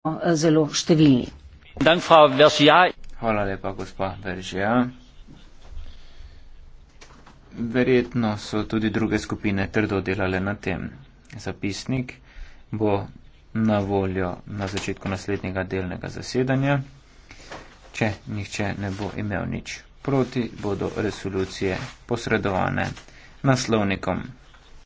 Eh, zelo številni. Hvala lepa, gospa Veržija. Verjetno so tudi druge skupine trdo delale na tem. Zapisnik bo na voljo na začetku naslednjega delnega zasedanja. Če nihče ne bo imel nič proti, bodo resolucije posredovane naslovnikom.